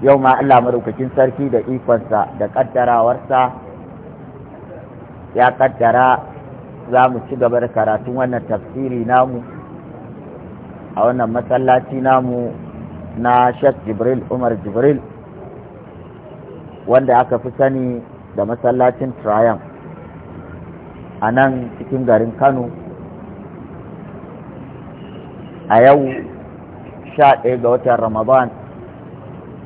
yau ma Allah madaukakin sarki da ikonsa da kaddarawarsa ya kaddara za mu ci gaba da karatun wannan tafsiri namu a wannan masallaci namu na Sheikh Jibril Umar Jibril wanda aka fi sani da masallacin Triumph a nan cikin garin Kano a yau sha ɗaya ga watan Ramadan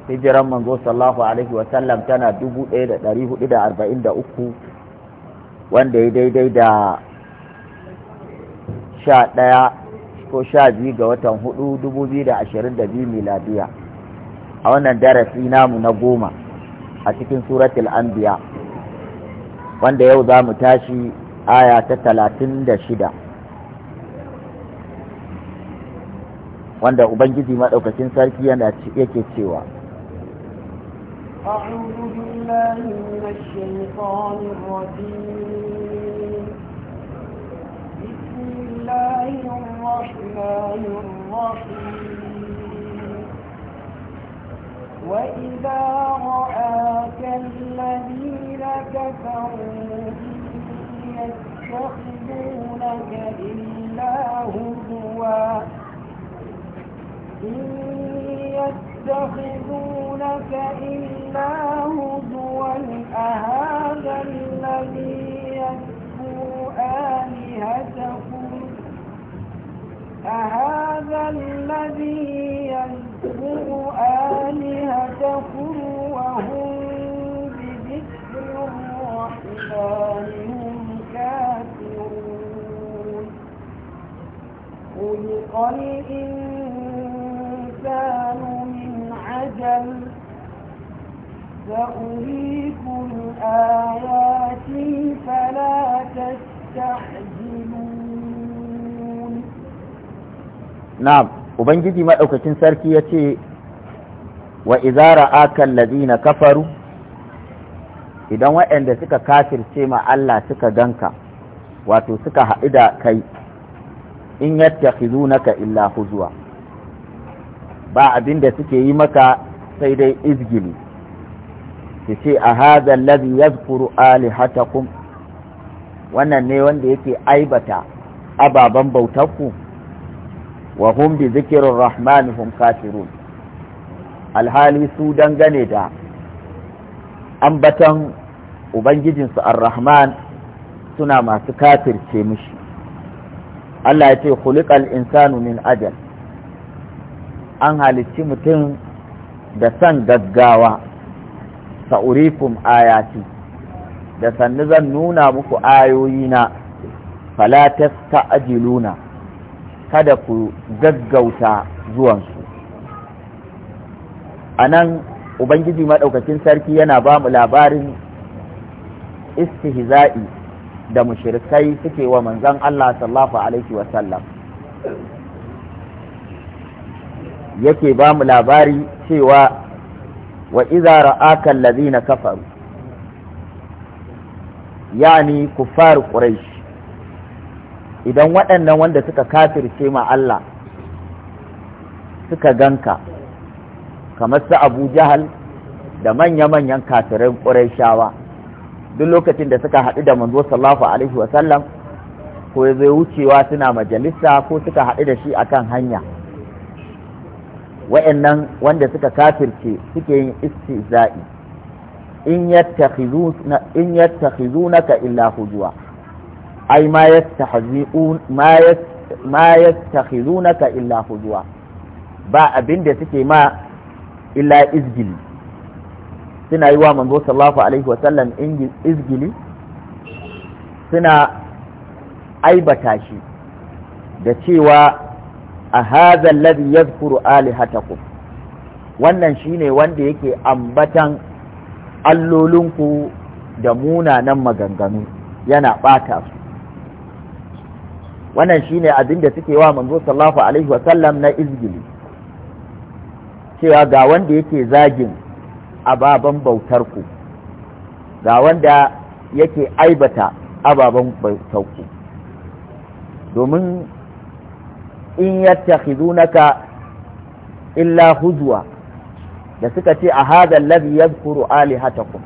hijiran manzo sallallahu alaihi wasallam tana 1443 wanda ya daidai da 11 ko 12 ga watan 4 2022 miladiya a wannan darasi namu na goma a cikin suratul anbiya wanda yau za mu tashi aya ta 36 wanda ubangiji maɗaukacin sarki yana yake cewa أعوذ بالله من الشيطان الرجيم بسم الله الرحمن الرحيم وإذا رآك الذين كفروا يتخذونك إلا هدوا إن يتخذونك إلا هدوا أهذا الذي يسكو آلهتكم أهذا الذي يذكر آلهتكم وهم بذكر الرحمن هم كافرون خلق الإنسان أجل سأريكم آياتي فلا تستعجلون نعم Ubangiji maɗaukacin sarki ya ce wa izara akan lazina kafaru idan waɗanda suka kafirce ma Allah suka ganka wato suka haɗu da kai in yadda naka illa huzuwa ba abin da suke yi maka sai dai izgili Ki ce a hadha allazi yazkuru alihatakum wannan ne wanda yake aibata ababen bautarku wa hum bi zikirin rahmani hum kafirun alhali su dangane da ambatan ubangijinsu ar-rahman suna masu kafirce mishi Allah ya ce khuliqal insanu min ajal an halicci mutum da san gaggawa sa'urikum ayati da sannu zan nuna muku ayoyina ta ajiluna kada ku gaggauta zuwansu a nan ubangiji maɗaukakin sarki yana ba mu labarin istihza'i da mushirkai suke wa manzon Allah sallallahu alaihi wasallam yake ba mu labari cewa wa iza ra'aka allazina kafaru yani kuffar quraish idan waɗannan wanda suka kafirce ma Allah suka ganka kamar su Abu Jahal da manya-manyan kafirin qurayshawa duk lokacin da suka haɗu da manzo sallallahu alaihi wasallam ko zai wucewa suna majalisa ko suka haɗu da shi akan hanya wa'annan wanda suka kafirce suke yin istiza'i in yattakhizunaka illa hujwa ai ma yastahzi'un ma ma yattakhizunaka illa hujwa ba abin da suke ma illa izgili suna yi wa manzo sallallahu alaihi wa sallam izgili suna aibata shi da cewa a hadha alladhi yadhkuru alihatakum wannan shine wanda yake ambatan allolinku da munanan maganganu yana ɓata su wannan shine abin da suke wa manzo sallallahu alaihi wa na izgili cewa ga wanda yake zagin ababen bautarku, ga wanda yake aibata ababen bautarku, domin in yattakhidunaka illa huzwa da suka ce a hada alladhi yadhkuru alihatakum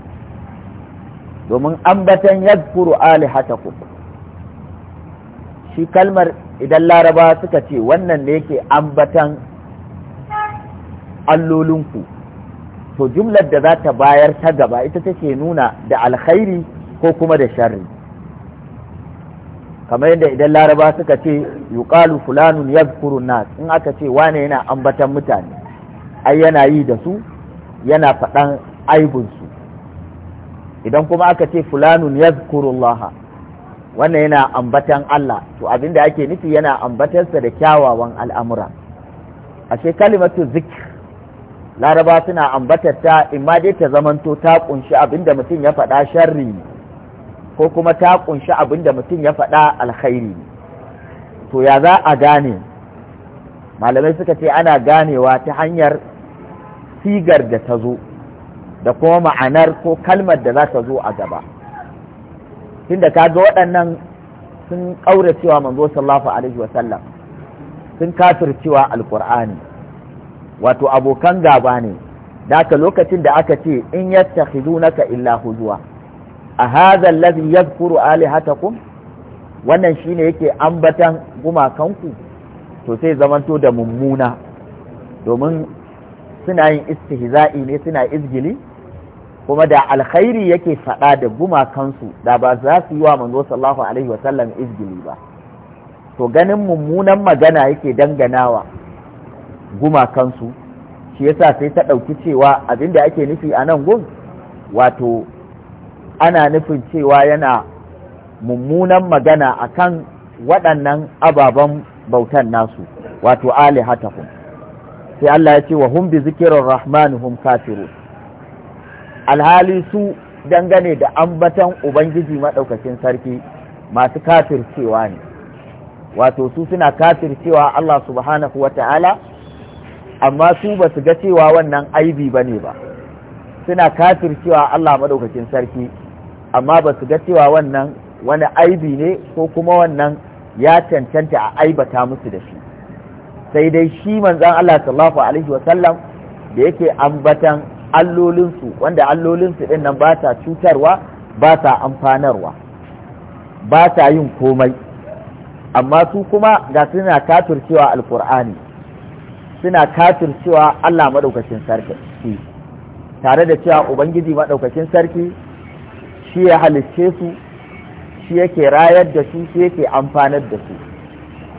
domin ambatan yadhkuru alihatakum shi kalmar idan laraba suka ce wannan ne yake ambatan allolinku to jumlar da za ta bayar ta gaba ita take nuna da alkhairi ko kuma da sharri kamar yadda idan laraba suka ce yuqalu fulanun yadhkuru nas in aka ce wane yana ambatan mutane ai yana yi da su yana faɗan su idan kuma aka ce fulanun Allah wannan yana ambatan Allah to abinda ake nufi yana ambatarsa da kyawawan al'amura ashe kalimatu zikr laraba suna ambatar ta imma dai ta zamanto ta kunshi abinda mutum ya faɗa sharri ne ko kuma ta kunshi abin da mutum ya faɗa alkhairi to ya za a gane malamai suka ce ana ganewa ta hanyar sigar da ta zo da kuma ma'anar ko kalmar da za ta zo a gaba tunda ka ga waɗannan sun ƙaura cewa manzo sallallahu alaihi wasallam sun kafir cewa alƙur'ani wato abokan gaba ne da lokacin da aka ce in naka illa huzuwa a hadha Ali hata alihatakum wannan shine yake ambatan gumakanku to sai zamanto da mummuna domin suna yin istihza'i ne suna izgili kuma da alkhairi yake faɗa da gumakansu da ba za su yi wa manzo sallallahu alaihi wasallam izgili ba to ganin mummunan magana yake danganawa gumakansu shi yasa sai ta ɗauki cewa abinda ake nufi a nan gun wato ana nufin cewa yana mummunan magana akan waɗannan ababen bautan nasu wato Ali alihatahum sai Allah ya ce wa humbi zikirar rahman hum kafiru alhali su dangane da ambatan ubangiji maɗaukakin sarki masu cewa ne wato su suna cewa Allah subhanahu wa ta'ala amma su ba su ga cewa wannan aibi ba ne ba suna cewa Allah maɗaukakin sarki amma ba su ga cewa wannan wani aibi ne ko kuma wannan ya cancanta a aibata musu da shi sai dai shi manzan Allah sallallahu alaihi wasallam da yake ambatan allolinsu wanda allolinsu din nan ba ta cutarwa ba ta amfanarwa ba ta yin komai amma su kuma ga suna katurcewa alkur'ani suna katurcewa Allah maɗaukacin sarki tare da cewa ubangiji maɗaukacin sarki shi ya halicce su shi yake rayar da su shi yake amfanar da su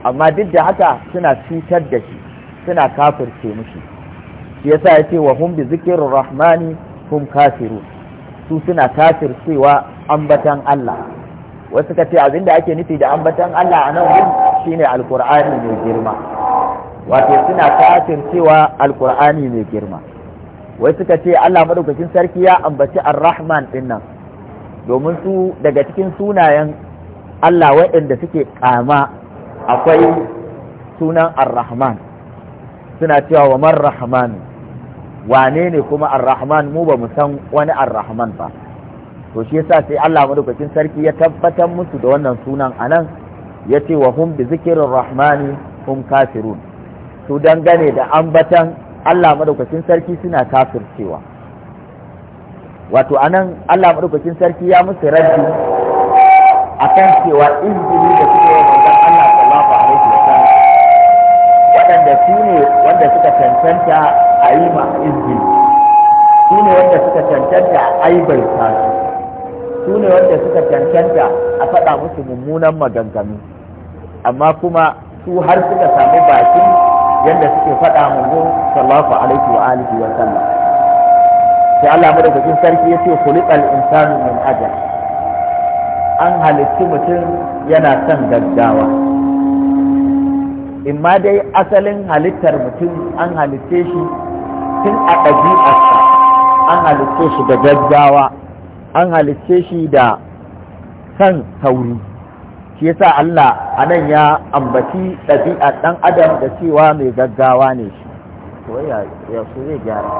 amma duk da haka suna cutar da shi suna kafirce mushi shi ya sa ya ce wa hun bi zikirin rahmani hun kafiru. su suna kafircewa ambatan Allah wasu ka ce abinda ake nufi da ambatan Allah a nan shine alkur'ani mai girma wato suna kafircewa alkur'ani mai girma wasu ka ce Allah maɗaukacin sarki ya ambaci ar-rahman dinnan domin su daga cikin sunayen Allah waɗanda suke kama akwai sunan ar-rahman suna cewa wa man rahman wane ne kuma ar-rahman mu ba mu san wani ar-rahman ba to shi yasa sai Allah madaukakin sarki ya tabbatar musu da wannan sunan anan yace wa hum bi zikrir rahmani hum kafirun su dangane da ambatan Allah madaukakin sarki suna kafircewa wato anan Allah madaukakin sarki ya musu raddi akan cewa izini da suke yi manzon Allah sallallahu alaihi wasallam waɗanda su ne wanda suka cancanta a yi ma izini su ne wanda suka cancanta a aibaita su ne wanda suka cancanta a faɗa musu mummunan maganganu amma kuma su har suka sami bakin yadda suke faɗa manzo sallallahu alaihi wa alihi wa sai Allah madaukakin sarki ya ce kulikal insanu min ajal an halitti mutum yana son gaggawa imma dai asalin halittar mutum an halitte shi tun a ɗabi'arsa an halitte shi da gaggawa an halitte shi da kan sauri shi yasa Allah a nan ya ambaci ɗabi'ar ɗan adam da cewa mai gaggawa ne shi to ya so zai gyara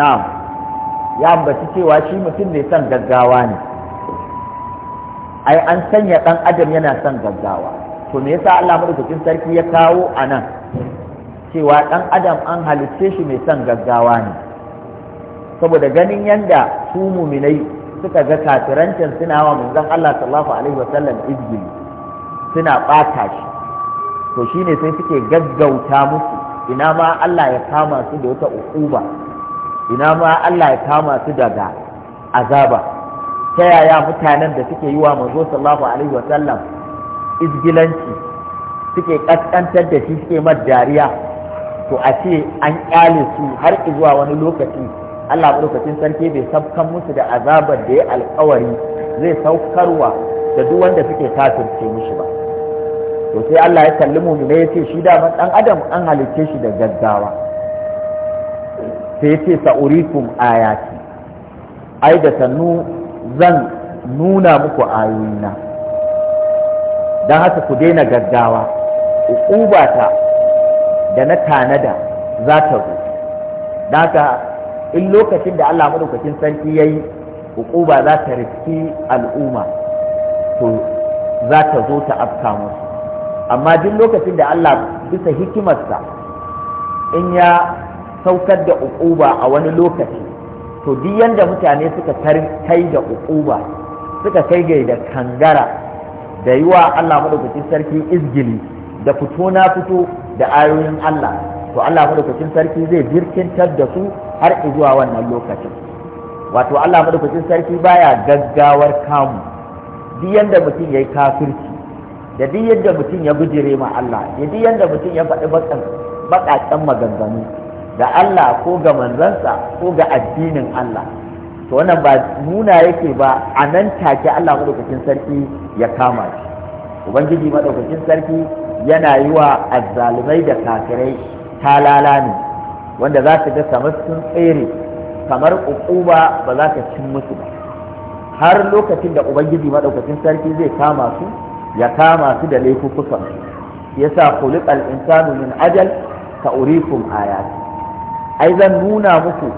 na'am ya ambaci cewa shi mutum mai son gaggawa ne ai an sanya dan adam yana son gaggawa to me yasa Allah madaukakin sarki ya kawo a nan cewa dan adam an halicce shi mai son gaggawa ne saboda ganin yanda su muminai suka ga kafirancin suna wa manzon Allah sallallahu alaihi sallam izgili suna ɓata shi to shine sai suke gaggauta musu ina ma Allah ya kama su da wata ukuba ina ma Allah ya kama su daga azaba ta yaya mutanen da suke yi wa manzo sallallahu alaihi wa sallam izgilanci suke kaskantar da shi suke dariya to a ce an kyale su har zuwa wani lokaci Allah lokacin sarki bai sabkan musu da azabar da ya alkawari zai saukarwa da duk wanda suke kafirce mishi ba to sai Allah ya kalli mu ne ya ce shi da dan adam an halicce shi da gaggawa sai yace sa'urikum ayati ai da sannu zan nuna muku ayoyina don haka ku daina gaggawa uƙubata da na tanada za ta zo don haka in lokacin da Allah madaukakin sarki ya yi uƙuba za ta riski al'umma to za ta zo ta afka musu amma duk lokacin da Allah bisa hikimarsa in ya saukar da uquba a wani lokaci to duk yanda mutane suka kai da uquba suka kai ga da kangara da yi wa Allah madaukakin sarki izgili da fito na fito da ayoyin Allah to Allah madaukakin sarki zai birkintar da su har zuwa wannan lokacin wato Allah madaukakin sarki baya gaggawar kamu duk yanda mutum yayi kafirci da duk yanda mutum ya bujire ma Allah da duk yanda mutum ya faɗi baƙaƙen maganganu ga Allah ko ga manzansa ko ga addinin Allah to wannan ba nuna yake ba a nan take Allah madaukakin sarki ya kama shi ubangiji madaukakin sarki yana yi wa azzalumai da kafirai talala ne wanda za su ga kamar sun tsere kamar ukuba ba za ta cin musu ba har lokacin da ubangiji madaukakin sarki zai kama su ya kama su da laifukan yasa khuliqal insanu min ajal ka urikum ayati ai zan nuna muku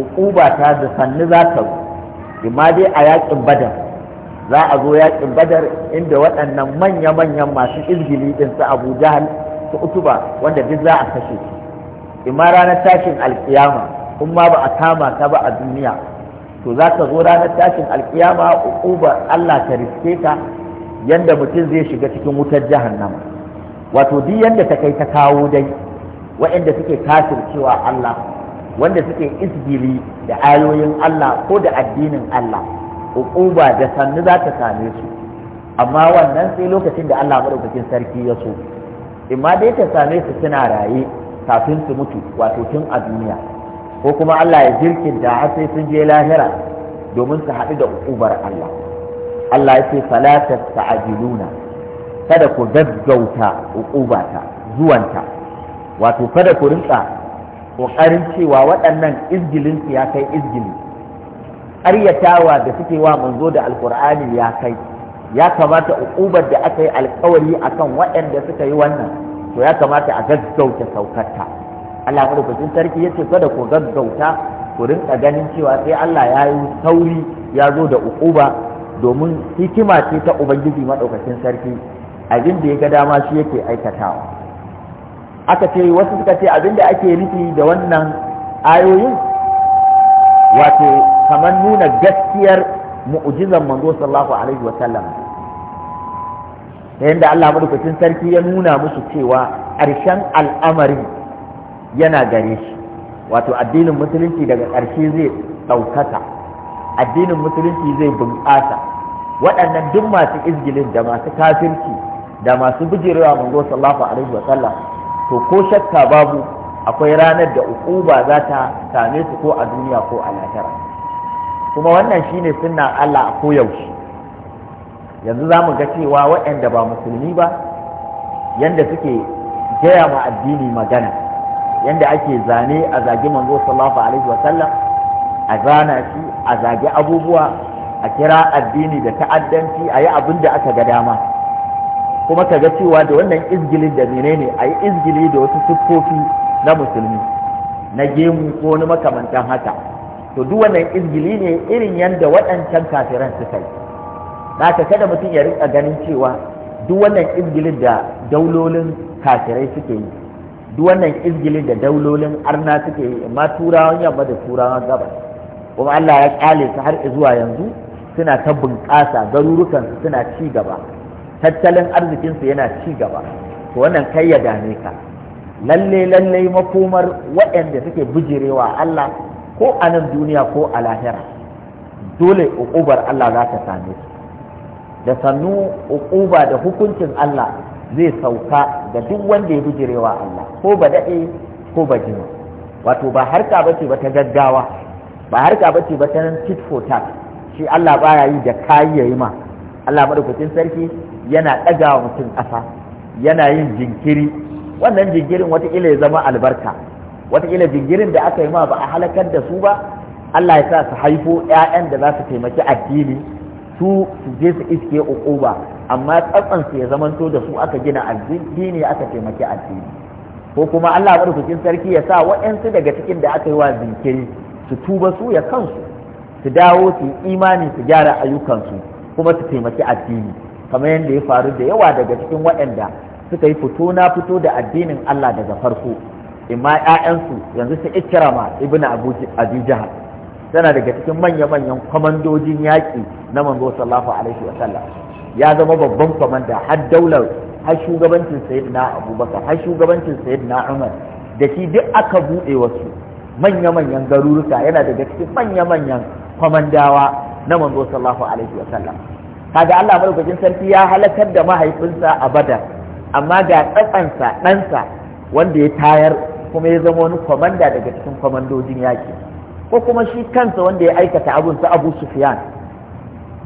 ukuba ta da sanni za ta imma dai a yakin badar za a zo yakin badar inda waɗannan manya-manyan masu izgili din su abu jahal su utuba wanda duk za a kashe su imma ranar tashin alkiyama in ma ba a kama ta ba a duniya to za ka zo ranar tashin alkiyama ukubar allah ta riske ka yanda mutum zai shiga cikin wutar jahannama wato duk yanda ta kai ta kawo dai waɗanda suke cewa Allah wanda suke isgili da ayoyin Allah ko da addinin Allah uquba da sannu za ta same su amma wannan sai lokacin da Allah madaukakin sarki ya so imma da ta same su suna raye kafin su mutu wato tun a duniya ko kuma Allah ya da har sai sun je lahira domin su haɗu da uqubar Allah Allah ya ce fala tasta'jiluna kada ku gaggauta uqubata zuwanta wato kada ku rinka ƙoƙarin cewa waɗannan izgilinsu ya kai izgili ƙaryatawa da suke wa manzo da alƙur'ani ya kai ya kamata uƙubar da aka yi alƙawari akan waɗanda suka yi wannan to ya kamata a gaggauta saukarta Allah madaukakin sarki ya ce kada ku gaggauta ku rinka ganin cewa sai Allah ya yi sauri ya zo da uƙuba domin hikima ce ta ubangiji madaukakin sarki abin da ya ga dama shi yake aikatawa aka ce wasu suka ce abin da ake nufi da wannan ayoyin wato kamar nuna gaskiyar mu'ujizan manzo sallallahu alaihi wa sallam da Allah madaukakin sarki ya nuna musu cewa ƙarshen al'amari yana gare shi wato addinin musulunci daga ƙarshe zai saukata, addinin musulunci zai bunƙasa waɗannan duk masu izgilin da masu kafirci da masu bijirewa manzo sallallahu alaihi wa sallam to ko shakka babu akwai ranar da ukuba za ta same su ko a duniya ko a lahira kuma wannan shine sunnan Allah a koyaushe yanzu za mu ga cewa waɗanda ba musulmi ba yanda suke gaya ma addini magana yanda ake zane a zagi manzo sallallahu alaihi wa sallam a zana shi a zagi abubuwa a kira addini da ta'addanci a yi abin da aka ga dama kuma ka ga cewa da wannan izgilin da menene a yi izgili da wasu siffofi na musulmi na gemu ko wani makamantan haka to duk wannan izgili ne irin yadda waɗancan kafiran suka yi ka kada mutum ya rika ganin cewa duk wannan izgilin da daulolin kafirai suke yi duk wannan izgilin da daulolin arna suke yi amma turawan yamma da turawan gabas kuma Allah ya kyale su har zuwa yanzu suna ta bunƙasa garurukansu suna ci gaba tattalin arzikinsu yana ci gaba to wannan kai ya dame ka lalle lalle makomar waɗanda suke bijirewa Allah ko a nan duniya ko a lahira dole uƙubar Allah za ta same su da sannu uƙuba da hukuncin Allah zai sauka ga duk wanda ya bijirewa Allah ko ba daɗe ko ba jima wato ba harka ba ce ba ta gaggawa ba harka ba ce ba ta nan tit shi Allah baya yi da kayi ya ma Allah madaukakin sarki yana ɗaga mutum ƙasa yana yin jinkiri wannan jinkirin ila ya zama albarka ila jinkirin da aka yi ma ba a halakar da su ba Allah ya sa su haifo 'ya'yan da za su taimaki addini su su je su iske uquba amma tsatsansu ya zamanto da su aka gina addini aka taimaki addini ko kuma Allah madaukakin sarki ya sa waɗansu daga cikin da aka yi wa jinkiri su tuba su ya kansu su dawo su imani su gyara ayyukansu kuma su taimaki addini kamar yadda ya faru da yawa daga cikin waɗanda suka yi fito na fito da addinin Allah daga farko imma ƴaƴansu yanzu sai ikrama ibnu abu jahal tana daga cikin manya-manyan kwamandojin yaƙi na manzo sallallahu alaihi wa sallam ya zama babban kwamanda har daular har shugabancin sayyidina abubakar har shugabancin sayyidina umar da shi duk aka buɗe wasu manya-manyan garuruka yana daga cikin manya-manyan kwamandawa na manzo sallallahu alaihi wa sallam kaga Allah madaukakin sarki ya halakar da mahaifinsa a badar amma ga tsatsansa ɗansa wanda ya tayar kuma ya zama wani kwamanda daga cikin kwamandojin yaƙi ko kuma shi kansa wanda ya aikata abun sa Abu Sufyan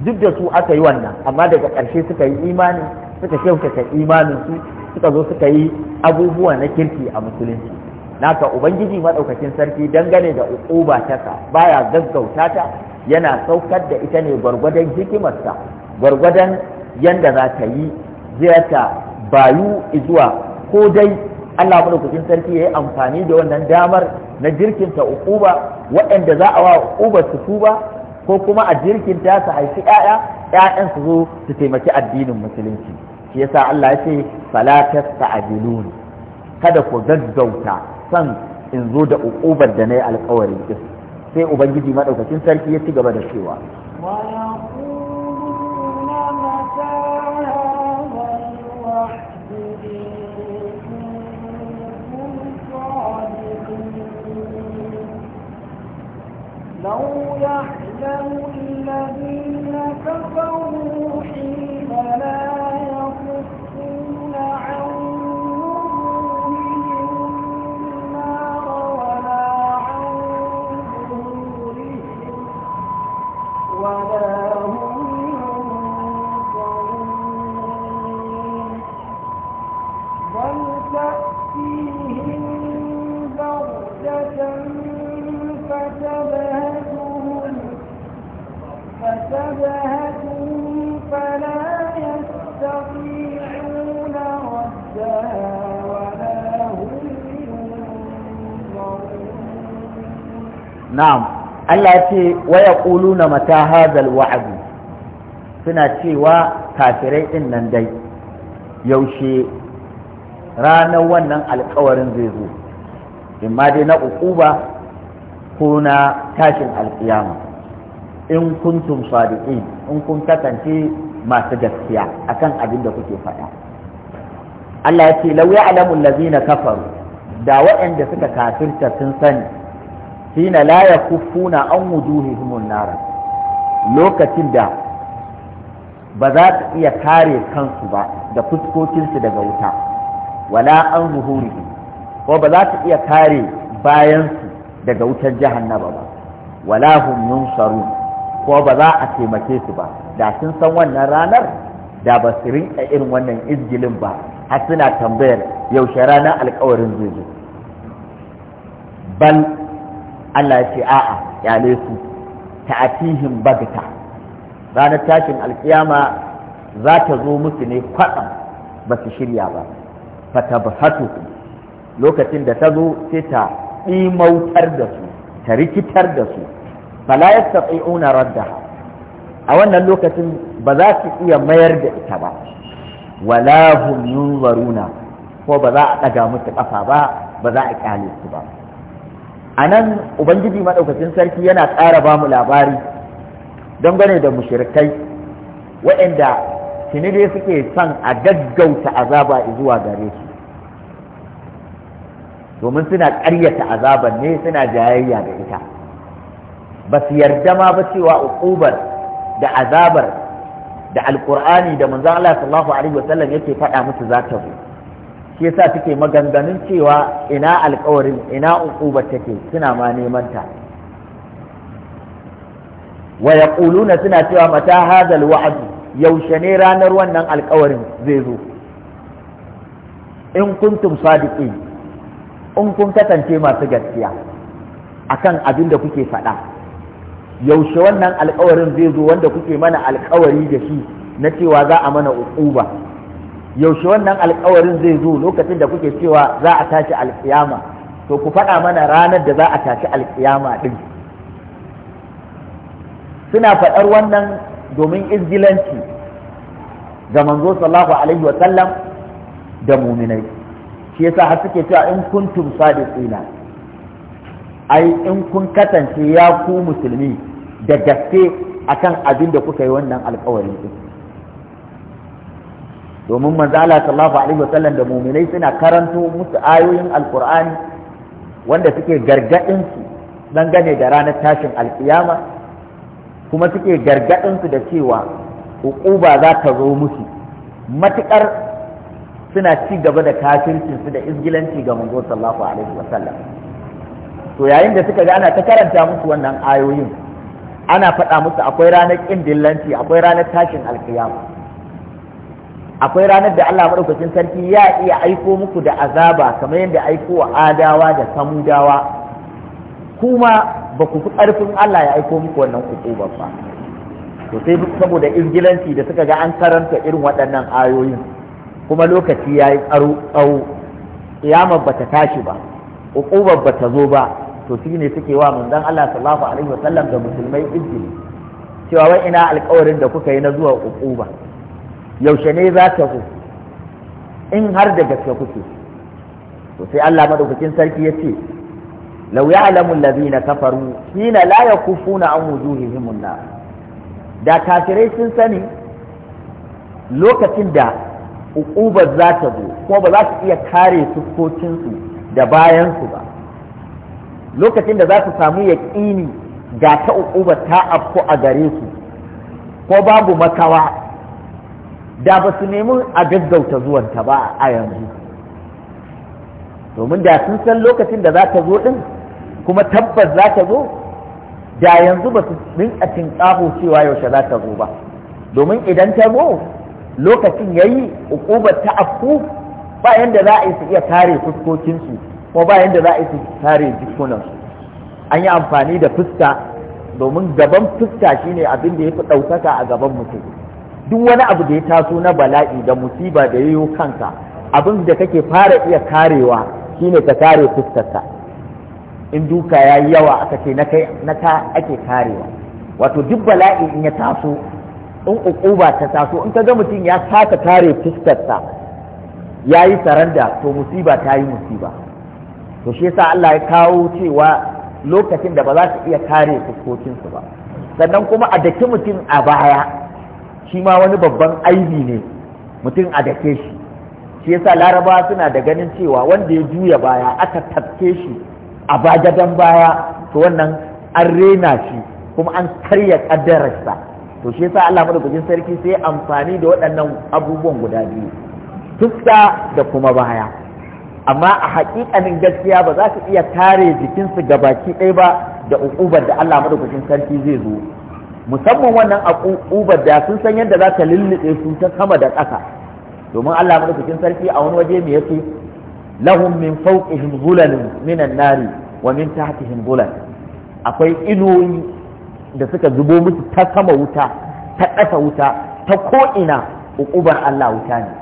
duk da su aka yi wannan amma daga ƙarshe suka yi imani suka kyautata imanin su suka zo suka yi abubuwa na kirki a musulunci naka ubangiji madaukakin sarki dangane da ukuba ta baya gaggauta ta yana saukar da ita ne gwargwadon hikimarsa gwargwadon yanda za ta yi ziyarta bayu izuwa ko dai Allah madaukakin sarki ya yi amfani da wannan damar na jirkinta uquba waɗanda za a wa uquba su tuba ko kuma a jirkinta su haifi ƴaƴa ƴaƴan su zo su taimaki addinin musulunci shi yasa Allah ya ce fala tasta'jilun kada ku gaggauta san in zo da uqubar da nayi alƙawarin sai ubangiji madaukakin sarki ya ci gaba da cewa hallelujah na'am Allah ya ce wa yaquluna mata hadal wa'azi suna cewa kafirai din nan dai yaushe ranar wannan alkawarin zai zo imma dai na ukuba ko na tashin alkiyama in kuntum sadiqin in kun kasance masu gaskiya akan abin da kuke faɗa Allah ya ce lau ya'lamu na kafaru da waɗanda suka kafirta sun sani hina la kuffuna an wujuhi himun nara lokacin da ba za su iya kare kansu ba da fuskokinsu daga wuta wala an zuhuri ko ba za su iya kare bayansu daga wutar jahannama ba wala hum ko ba za a taimake su ba da sun san wannan ranar da ba su rinka irin wannan izgilin ba har suna tambayar yaushe ranar alkawarin zai zo bal Allah ya ce a'a kyale su ta'atihim bagta ranar tashin alkiyama za ta zo musu ne kwatsam ba su shirya ba fatabhatu lokacin da ta zo sai ta ɗimautar da su ta rikitar da su fala yastati'una raddaha a wannan lokacin ba za su iya mayar da ita ba wala hum yunzaruna ko ba za a ɗaga musu ƙafa ba ba za a kyale su ba a nan ubangiji maɗaukacin sarki yana ƙara ba mu labari dangane da mushirikai waɗanda tuni dai suke son a gaggauta azaba zuwa gare su domin suna ƙaryata azaban ne suna jayayya da ita ba su yarda ma ba cewa uqubar da azabar da alƙur'ani da manzan Allah sallallahu alaihi wasallam yake faɗa musu za ta zo shi yasa take maganganun cewa ina alkawarin ina uquba take suna ma neman ta wa yaquluna suna cewa mata hadal wa'd yaushe ne ranar wannan alkawarin zai zo in kuntum sadiqin in kun kasance masu gaskiya akan abin da kuke faɗa yaushe wannan alkawarin zai zo wanda kuke mana alkawari da shi na cewa za a mana uquba yaushe wannan alkawarin zai zo lokacin da kuke cewa za a tashi alkiyama to ku faɗa mana ranar da za a tashi alkiyama ɗin suna faɗar wannan domin izgilanci ga manzo sallahu alaihi wa sallam da muminai shi yasa har suke cewa in kuntum sadiqina ai in kun kasance ya ku musulmi da gaske akan abin da kuka yi wannan alkawari domin manzo Allah sallallahu alaihi wasallam da mu'minai suna karanto musu ayoyin alqur'ani wanda suke gargadin su dangane da ranar tashin alkiyama kuma suke gargadin su da cewa hukuba za ta zo musu matukar suna ci gaba da kafircin su da izgilanci ga manzo sallallahu alaihi wasallam to yayin da suka ga ana ta karanta musu wannan ayoyin ana faɗa musu akwai ranar ƙin akwai ranar tashin alkiyama akwai ranar da Allah madaukakin sarki ya iya aiko muku da azaba kamar yadda aiko wa adawa da samudawa kuma ba ku fi ƙarfin Allah ya aiko muku wannan ukubar ba to sai saboda ingilanci da suka ga an karanta irin waɗannan ayoyin kuma lokaci ya yi tsaro tsawo kiyamar ba ta tashi ba ukubar ba ta zo ba to shi ne suke wa manzon Allah sallallahu alaihi wasallam da musulmai izini cewa wai ina alƙawarin da kuka yi na zuwa ukuba yaushe ne za ta ku in har da gaske kuke to sai Allah madaukakin sarki ya ce law ya'lamu allazina kafaru hina la yakufuna an wujuhihim na. da kafirai sun sani lokacin da ukubar za ta zo kuma ba za su iya kare sukocinsu da bayansu ba lokacin da za su samu yaƙini ga ta ukubar ta afko a gare su ko babu makawa da ba su nemi a gaggauta zuwanta ba a yanzu domin da sun san lokacin da za ta zo ɗin kuma tabbas za ta zo da yanzu ba su rinka tinƙaho cewa yaushe za ta zo ba domin idan ta zo lokacin ya yi hukumar ta afku ba yadda za a yi su iya kare fuskokinsu ko ba yadda za a yi su kare jikunansu an yi amfani da fuska domin gaban fuska shine abin da ya fi ɗaukaka a gaban mutum duk wani abu da ya taso na bala'i da musiba da yayo kanka abin da kake fara iya karewa shine ka kare fuskarka in duka ya yi yawa aka ce na ka ake karewa wato duk bala'i in ya taso in ukuba ta taso in ka ga mutum ya saka kare fuskarsa ya yi saranda to musiba ta yi musiba to shi yasa Allah ya kawo cewa lokacin da ba za su iya kare fuskokinsu ba sannan kuma a daki mutum a baya shi ma wani babban aibi ne mutum a dake shi shi yasa laraba suna da ganin cewa wanda ya juya baya aka tafke shi a bagadan baya to wannan an rena shi kuma an karya kaddararsa to shi yasa Allah madaukakin sarki sai amfani da waɗannan abubuwan guda biyu tuska da kuma baya amma a haƙiƙanin gaskiya ba za ka iya tare jikinsu gabaki ɗaya ba da uƙubar da Allah madaukakin sarki zai zo musamman wannan ubar da sun san yadda za ta lullube su ta sama da ƙasa domin Allah cikin sarki a wani waje mai yake lahum min fawqihim zulalun minan nari wa min tahtihim zulal akwai inuwoyi da suka zubo musu ta sama wuta ta ƙasa wuta ta ko'ina uƙubar Allah wuta ne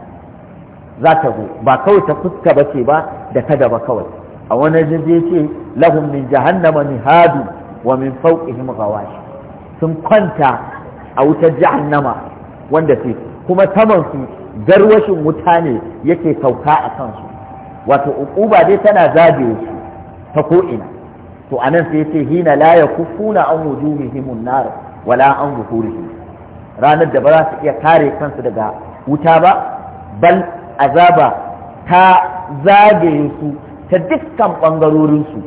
za ta zo ba kawai ta fuska ba ce ba da ta gaba kawai a wani waje ce lahum min jahannama mihadu wa min fawqihim ghawashi sun kwanta a wutar jahannama wanda ce kuma samansu garwashin wuta ne yake sauka a kansu wato uquba dai tana zage su ta ko'ina to anan sai yace hina la yakufuna an wujuhihim nar wala an zuhurihim ranar da ba za su iya kare kansu daga wuta ba bal azaba ta zage su ta dukkan ɓangarorinsu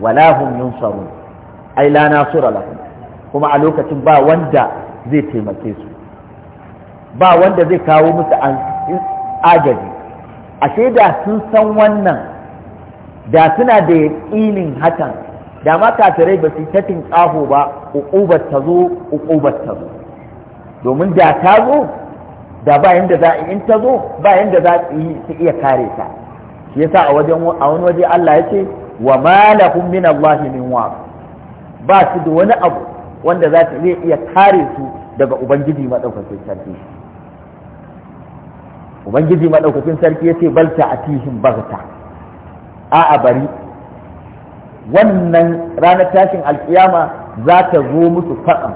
wala hum yunsarun ai la nasura lahum kuma a lokacin ba wanda zai taimake su ba wanda zai kawo musu agaji ashe da sun san wannan da suna da yaƙinin hatan, da ma kafirai ba su ta tinƙaho ba uƙubar ta zo uƙubar ta zo domin da ta zo da ba yanda za in ta zo ba yanda za su iya kare ta shi yasa a wajen a wani waje Allah ya ce wa malakum min Allah min wa ba su da wani abu wanda za ta zai iya kare su daga ubangiji madaukakin sarki ubangiji madaukakin sarki ya yace bal ta'atihim baghta a'a bari wannan ranar tashin alkiyama za ta zo musu faɗan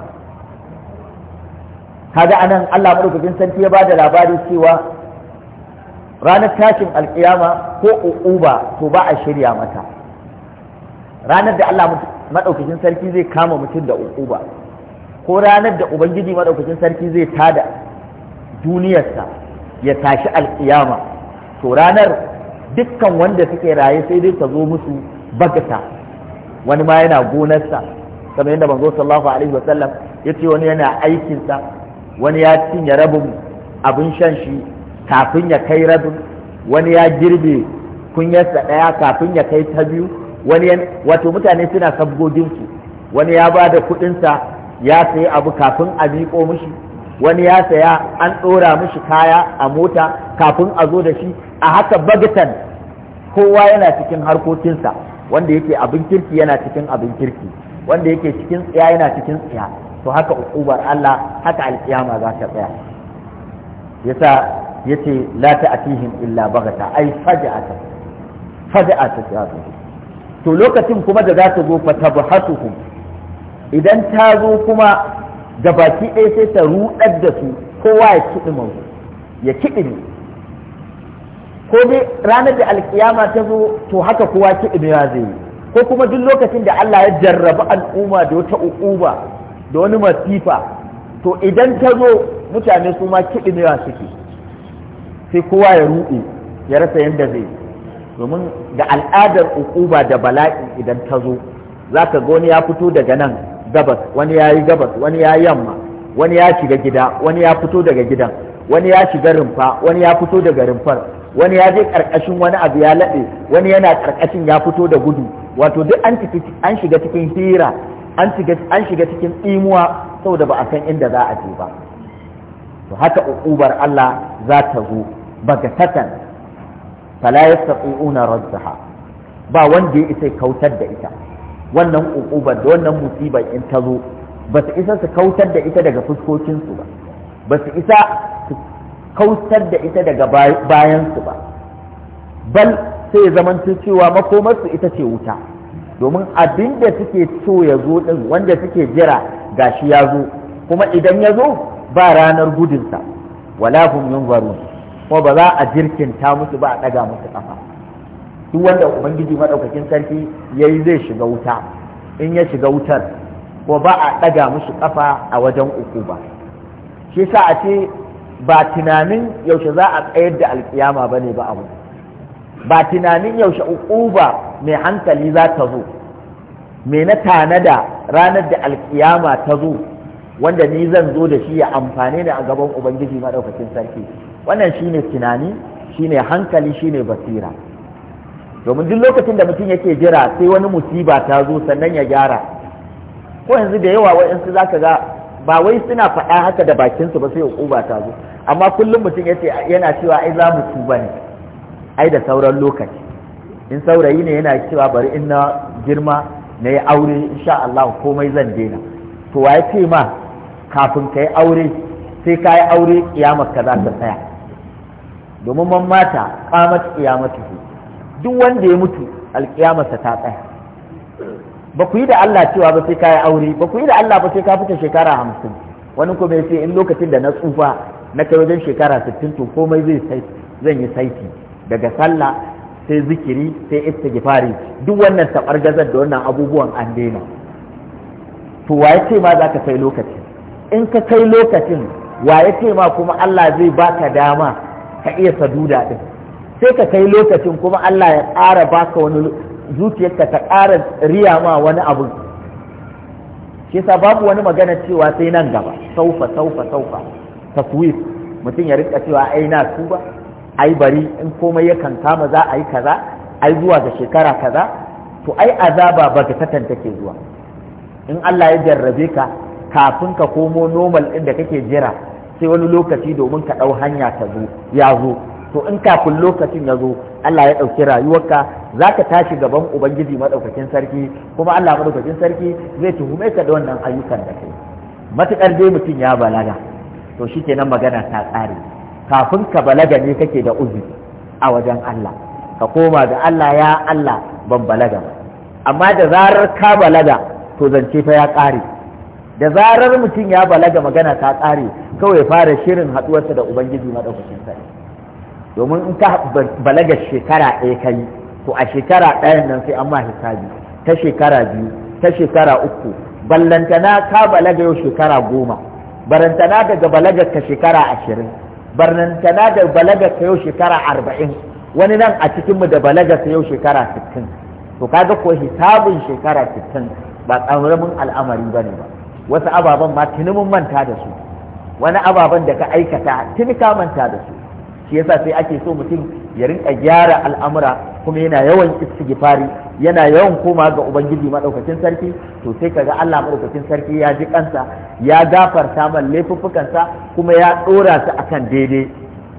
kaga anan Allah madaukakin sarki ya da labari cewa ranar tashin alkiyama ko uba to ba a shirya mata ranar da Allah madaukakin sarki zai kama mutum da uba, ko ranar da ubangiji madaukakin sarki zai tada duniyarsa ya tashi alkiyama to ranar dukkan wanda suke raye sai dai ta zo musu bagata wani ma yana gonarsa kamar yadda manzo sallallahu alaihi wasallam yace wani yana aikinsa wani ya cinye rabin abin shan shi kafin ya kai rabin wani ya girbe kunyarsa ɗaya kafin ya kai ta biyu wani wato mutane suna sabgoginsu wani ya ba da kuɗinsa ya sayi abu kafin a miƙo mishi wani ya saya an ɗora mishi kaya a mota kafin a zo da shi a haka bagatan kowa yana cikin harkokinsa wanda yake abin kirki yana cikin abin kirki wanda yake cikin tsiya yana cikin tsiya to haka ukubar Allah haka alkiyama za ta tsaya yasa yace la ta'tihim illa bagata ai faja'ata faja'ata ta to lokacin kuma da za ta zo fa ba idan ta zo kuma da baki ɗaya sai ta ruɗar da su kowa ya kiɗi mawdu ya kiɗi ko dai ranar da alƙiyama ta zo to haka kowa kiɗi ya zai yi ko kuma duk lokacin da Allah ya jarrabi al'umma da wata uquba da wani masifa to idan ta zo mutane su ma kiɗi ne suke sai kowa ya ruɗe ya rasa yadda zai yi domin da al'adar ukuba da bala'i idan ta zo za ka wani ya fito daga nan gabas wani ya yi gabas wani ya yamma wani ya shiga gida wani ya fito daga gidan wani ya shiga rumfa wani ya fito daga rumfar wani ya je karkashin wani abu ya laɗe wani yana karkashin ya fito da gudu wato duk an shiga cikin hira an shiga cikin imuwa saboda ba a san inda za a je ba to haka ukubar Allah za ta zo bagatatan fala yastati'una raddaha ba wanda ya isa kautar da ita wannan ukuba da wannan musiba in ta zo ba su isa su kautar da ita daga fuskokinsu ba ba su isa su kautar da ita daga bayansu ba bal sai zamanto cewa makomarsu ita ce wuta domin abin da suke so ya zo din wanda suke jira gashi ya zo kuma idan ya zo ba ranar gudunsa wala hum yunzarun kuma ba za a jirkinta musu ba a ɗaga musu ƙafa duk wanda ubangiji maɗaukakin sarki ya yi zai shiga wuta in ya shiga wutar ko ba a ɗaga musu ƙafa a wajen uku ba shi sa a ce ba tunanin yaushe za a tsayar da alƙiyama ba ne ba abu ba tunanin yaushe uku ba mai hankali za ta zo me na tanada ranar da alƙiyama ta zo wanda ni zan zo da shi ya amfane ni a gaban ubangiji madaukakin sarki wannan shine tunani shine hankali shine basira domin duk lokacin da mutum yake jira sai wani musiba ta zo sannan ya gyara ko yanzu da yawa wa'insu za ka ga ba wai suna faɗa haka da bakinsu ba sai hukuma ta zo amma kullum mutum yace yana cewa ai za mu tuba ne ai da sauran lokaci in saurayi ne yana cewa bari in na girma na yi aure insha Allah komai zan daina to wa ya ce ma kafin ka yi aure sai ka yi aure kiyamar ka za ta tsaya domin man mata kamat ce duk wanda ya mutu alkiyamarsa ta tsaya ba ku yi da Allah cewa ba sai ka yi aure ba ku yi da Allah ba sai ka fita shekara hamsin wani kuma ya ce in lokacin da na tsufa na kai wajen shekara sittin to komai zai zan yi saiti daga sallah sai zikiri sai istighfari duk wannan tabar gazar da wannan abubuwan an daina to waye ce ma za ka sai lokaci in ka kai lokacin wa ya ce ma kuma Allah zai baka dama ka iya saduda din sai ka kai lokacin kuma Allah ya ƙara baka wani zuciyarka ta ƙara riya ma wani abu shi yasa babu wani magana cewa sai nan gaba saufa saufa saufa taswif mutum ya rika cewa ai na tuba ai bari in komai ya kankama za a yi kaza ai zuwa ga shekara kaza to ai azaba ba ga ke zuwa in Allah ya jarrabe ka kafin ka komo normal ɗin da kake jira sai wani lokaci domin ka ɗau hanya ta zo ya zo to in kafin lokacin ya zo Allah ya ɗauki rayuwarka za ka tashi gaban ubangiji maɗaukakin sarki kuma Allah maɗaukakin sarki zai tuhume ka da wannan ayyukan da kai matuƙar dai mutum ya balaga to shi kenan magana ta tsare kafin ka balaga ne kake da uzuri a wajen Allah ka koma ga Allah ya Allah ban balaga ba amma da zarar ka balaga to zance fa ya ƙare da zarar mutum ya balaga magana ta ƙare kawai fara shirin haɗuwarsa da ubangiji maɗaukacin sarki domin in ka balaga shekara ɗaya kai to a shekara ɗayan nan sai an ma hisabi ta shekara biyu ta shekara uku ballantana ka balaga yau shekara goma barantana daga balagar ka shekara ashirin barantana da balagar ka yau shekara arba'in wani nan a cikinmu da balagar ka yau shekara sittin to kaga ko hisabin shekara sittin ba ƙaramin al'amari ba ne ba wasu ababen ma tuni mun manta da su wani ababen da ka aikata tuni ka manta da su shi yasa sai ake so mutum ya rinka gyara al'amura kuma yana yawan istighfari yana yawan koma ga ubangiji madaukakin sarki to sai kaga Allah madaukakin sarki ya ji kansa ya gafarta man laifuffukansa kuma ya dora su akan daidai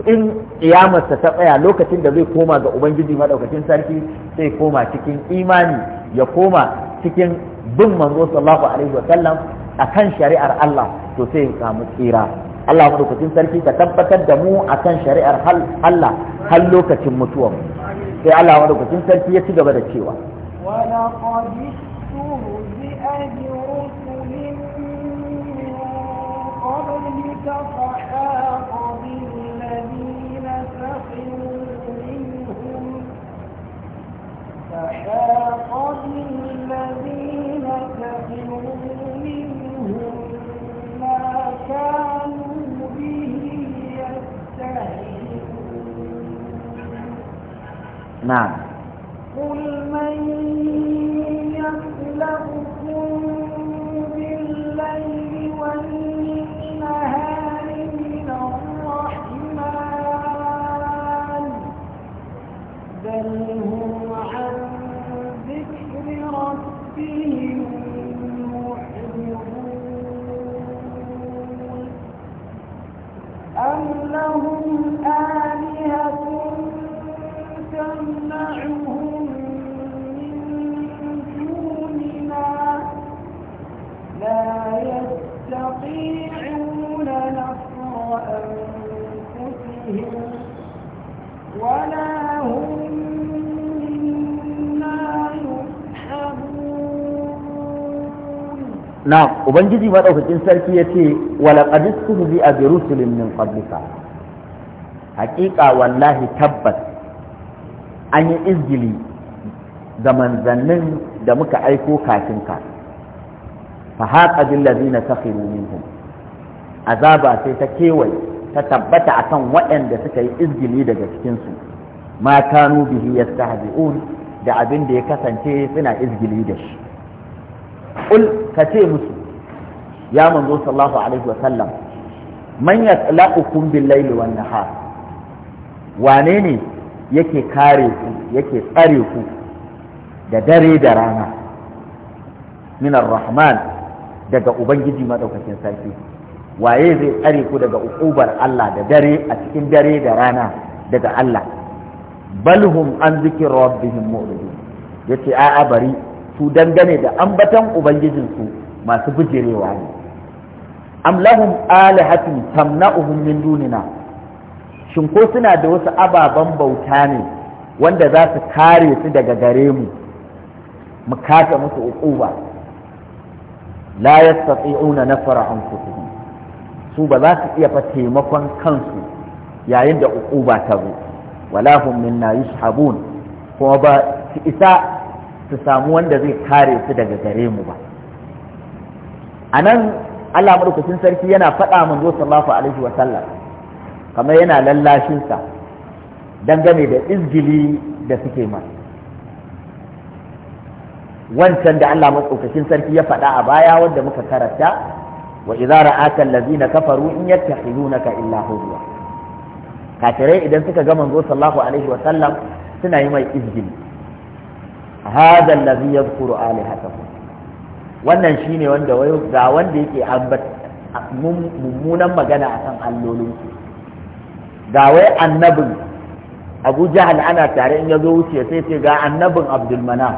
in iyamarsa ta tsaya lokacin da zai koma ga ubangiji madaukakin sarki sai koma cikin imani ya koma cikin bin manzo sallallahu alaihi wa sallam akan shari'ar Allah to sai ya samu tsira Allah madaukakin sarki ka tabbatar da mu akan shari'ar Allah har lokacin mutuwa sai Allah madaukakin sarki ya ci gaba da cewa فحاق وكانوا به يستهزئون نعم قل من يخلق لهم آلهة تمنعهم من دوننا لا يستطيعون نصر أنفسهم ولا هم na ubangiji madaukakin sarki ya ce walaƙadis su bi a jerusalem min qablika haƙiƙa wallahi tabbas an yi izgili da manzannin da muka aiko kafin ka fa haqa bil ladina sakhiru minhum azaba sai ta kewaye ta tabbata akan waɗanda suka yi izgili daga cikin su ma kanu bihi yastahzi'un da abin da ya kasance suna izgili da shi ul ka ce musu ya manzo sallallahu alaihi wa sallam man yatlaqu bil layli wan nahar wane ne yake kare ku yake tsare ku da dare da rana minar rahman daga ubangiji maɗaukakin sarki waye zai tsare ku daga ukubar Allah da dare a cikin dare da rana daga Allah balhum an zikir rabbihim mu'ridun yace a'a bari su dangane da ambatan ubangijinsu masu bujirewa ne am lahum alihatun tamna'uhum min dunina shin ko suna da wasu ababen bauta ne wanda za su kare su daga gare mu mu kasa musu uquba la yastati'una nafara anfusihim su ba za su iya fa taimakon kansu yayin da uquba ta zo wala hum minna yushabun kuma ba su isa su samu wanda zai kare su daga gare mu ba anan Allah madaukakin sarki yana faɗa manzo sallallahu alaihi wa sallam kamar yana lallashinsa dangane da izgili da suke masa wancan da Allah matsaukakin sarki ya faɗa a baya wanda muka karanta wa idza ra'aka allazina kafaru in yattakhidunaka illa huzwa kafirai idan suka ga manzo sallallahu alaihi wa sallam suna yi mai izgili hadha allazi yadhkuru alihatakum wannan shine wanda ga wanda yake mummunan magana akan allolinku ga wai annabin abu jahal ana tare in ya zo wuce sai ce ga annabin abdulmanaf